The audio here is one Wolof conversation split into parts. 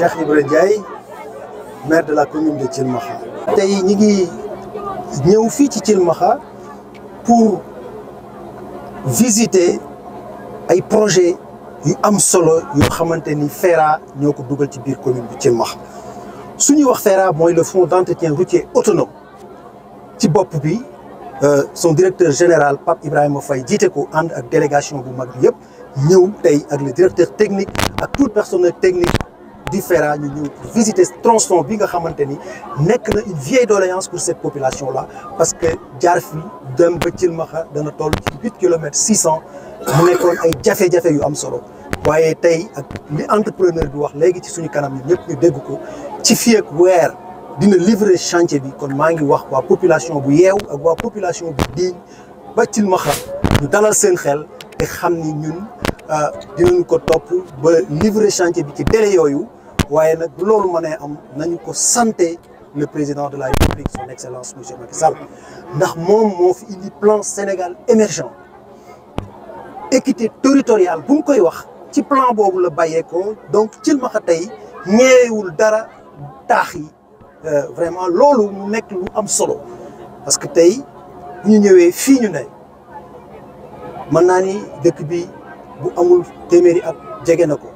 Cheikh Ibrahima jaay maire de la commune de Thilmakha tey ñi ngi ñëw fii ci Thilmakha pour visiter ay projet yu am solo yoo xamante ni FERA ñoo ko dugal ci biir commune bu Thilmakha su ñuy wax FERA mooy le fonds d'entretien routier autonome ci bopp bi euh, son directeur général Pape Ibrahima fay jiite ko ànd ak délégation bu mag bi yëpp ñëw tey ak le directeur technique ak tout personnel technique différents ñu ñu visiter tronçon bi nga xamante ni nekk na une vieille doléance pour cette population la parce que jaar fi dem ba cilmaxa dana toll ci huit kilomètres six cent mu nekkoon ay jafe-jafe yu am solo waaye tey ak li entrepreneur bi wax léegi ci suñu kanam ñun ñëpp ñu dégg ko ci fii ak weer dina livrer chantier bi kon maa ngi wax waa population bu yeew ak waa population bu di ba cilmaxa ñu dalal seen xel te xam ni ñun euh, dinañu ko topp ba livrer chantier bi ci délai yooyu waaye nag bu loolu mënee am nañu ko sante le président de la république son excellence monsieur Macky sal ndax moom moo fi indi plan Sénégal émergent équité territoriale bu mu koy wax ci plan boobu la bàyyeekoo donc cilmaxa tey ñeewul dara taax yi euh, vraiment loolu mu nekk lu am solo parce que tey ñu ñëwee fii ñu ne mën naa ni dëkk bi bu amul téeméeri ak jege na ko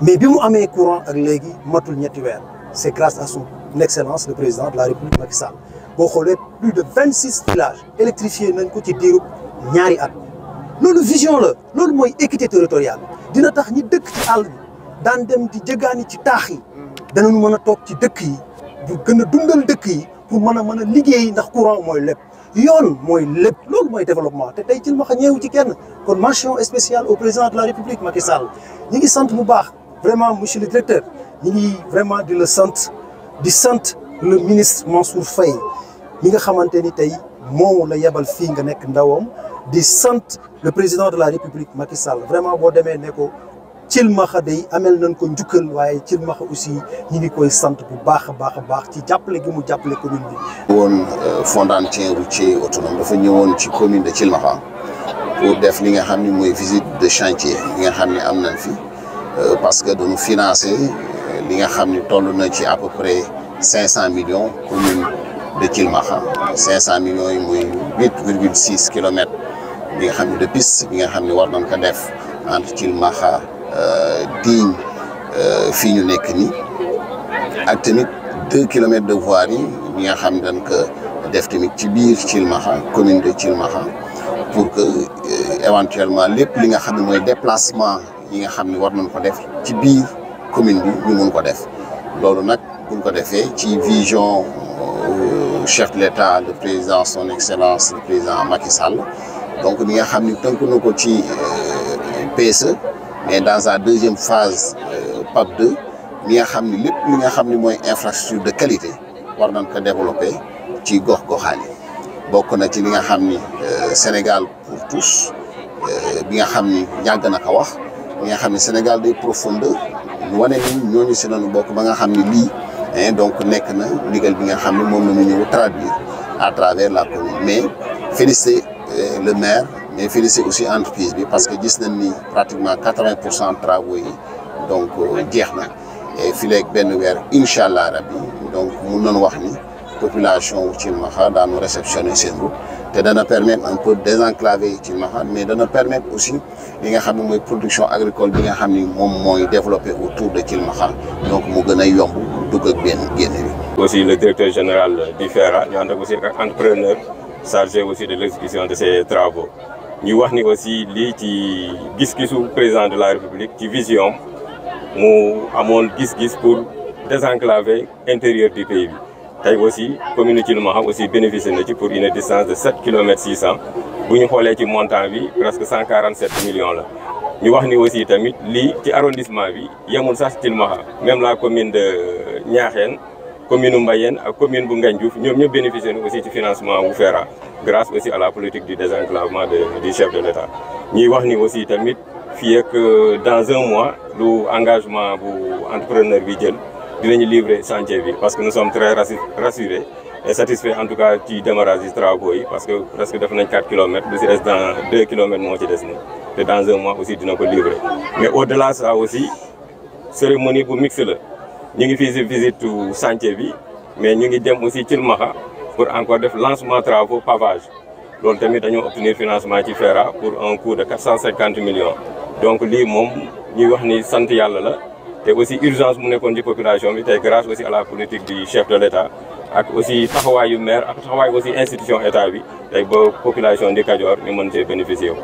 mais bi mu amee courant ak léegi matul ñetti weer c' est grâce à son excellence le président de la république Macky Sall boo xoolee plus de vingt six villages électrifié nañ ko ci diirub ñaari at loolu vision la loolu mooy équité territoriale dina tax ñi dëkk ci àll bi daan dem di jëgaani ci taax yi danañu mën a toog ci dëkk yi bu gën a dundal dëkk yi pour mën a mën a liggéey ndax courant mooy lépp yoon mooy lépp loolu mooy développement te tey jël ma xa ñeewu ci kenn kon mention spéciale au président de la république ngi sant bu baax vraiment monsieur le directeur ñu ngi vraiment di la sant di sant le ministre Mansour Faye mi nga xamante ni tey moom la yebal fii nga nekk ndawam di sant le président de la république Macky Sall vraiment boo demee ne ko cilmaxa day amel nan ko njukkal waaye ci cilmaxa aussi ñi ngi koy sant bu baax a baax baax ci jàppale gi mu jàppale commune bi. woon euh, fond d'entretien routier dafa ñëwoon ci commune de Cilmaxa pour def li nga xam ni mooy visite de chantier li nga xam ni am nañ fi. Euh, parce que dañu financer euh, li nga xam ni toll na ci à peu près cinq cent millions commune de cilmaxa cinq cent millions yi muy huit virgule six kilomètres bi nga xam ne de piste bi nga xam ni war nañ ko def entre Thilmakha euh, Digne fii ñu nekk ni ak tamit deux kilomètres de voirie bi nga xam ne dañ ko def tamit ci biir Thilmakha commune de Thilmakha pour que éventuellement lépp li nga xam ne mooy déplacement yi nga xam ne war nañ ko def ci biir commune bi ñu mun ko def loolu nag buñ ko defee ci vision euh, chef de l'État le président son excellence le président Macky Sall donc li nga xam ni tënk na ko ci euh, PSE mais dans sa deuxième phase euh, PAP 2 mi nga xam ni lépp li nga xam ni mooy infrastructure de qualité war nañ ko développer ci gox-goxaan bokk na ci li nga xam ni Sénégal pour tous bi nga xam ni yàgg na ko wax bi nga xam ne Sénégal de profondeur wane ni ñooñu si noonu bokk ba nga xam ne lii donc nekk na ndigal bi nga xam ne moom la ñu ñëw traduire à travers la commune mais féliciter euh, le maire mais féliciter aussi entreprise bi parce que gis nañ ni pratiquement quatre-vingt pour cent travaux yi donc euh, jeex na et fii léegi benn weer incha allah rabi donc mun nañu wax ni. population wu Thilmakha daanu réceptionner seen bopp te dana permettre un peu désenclaver Thilmakha mais dana permettre aussi li nga xam ne mooy production agricole bi nga xam ni moom mooy développé autour de Thilmakha donc mu gën a yomb dugg ak bi. aussi le directeur général du FERA ñu ànd ak aussi ak entrepreneur chargé aussi de l' exécution de ces travaux ñu wax ni aussi lii ci gis-gisu président de la république ci vision mu amoon gis-gis pour désenclaver intérieur du pays bi. tey aussi commune nu Thilomaha aussi bénéficié na ci pour une distance de 7 kilomètres 600 bu ñu xoolee ci montant bi presque 147 millions la. ñu wax ni aussi tamit lii ci arrondissement bi yemul sax Thilomaha même la commune de euh, Niakhène commune Mbayeen ak commune bu Ngandiouf ñoom ñëpp bénéficié na aussi ci financement wu FERA grâce aussi à la politique du désenclavement de du chef de l'État ñuy wax ni aussi tamit fii ak euh, dans un mois lu engagement bu entrepreneur bi jël. dinañu livrer chantier bi parce que nous sommes très rassurés et satisfaits en tout cas ci démarrage yi travaux yi parce que presque def nañ 4 kilomètres lu si des dans 2 kilomètres moo ci des ni te dans un mois aussi dina ko livrer mais au delà ça aussi cérémonie bu mixte la ñu ngi fii si tu chantier bi mais ñu ngi jem aussi Thilmakha pour encore def lancement travaux pavage loolu tamit dañoo obtenir financement ci FERA pour un coût de 450 millions donc lii moom ñuy wax ni sant yàlla la te aussi urgence mu nekkoon ci population bi tey grâce aussi à la politique du chef de l'État ak aussi taxawaayu maire ak taxawaay aussi institution état bi tey ba population di Kajoor ñu mën cee bénéficier wu.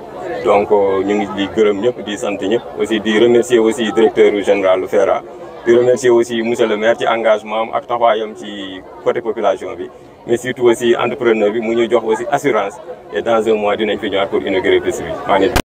donc euh, ñu ngi di gërëm ñëpp di sant ñëpp aussi di remercier aussi directeur général FERA di remercier aussi monsieur le maire ci engagement am ak taxawaayam ci côté population bi mais surtout aussi entrepreneur bi mu ñu jox aussi assurance et dans un mois dinañ fi ñëwaat pour maa ngi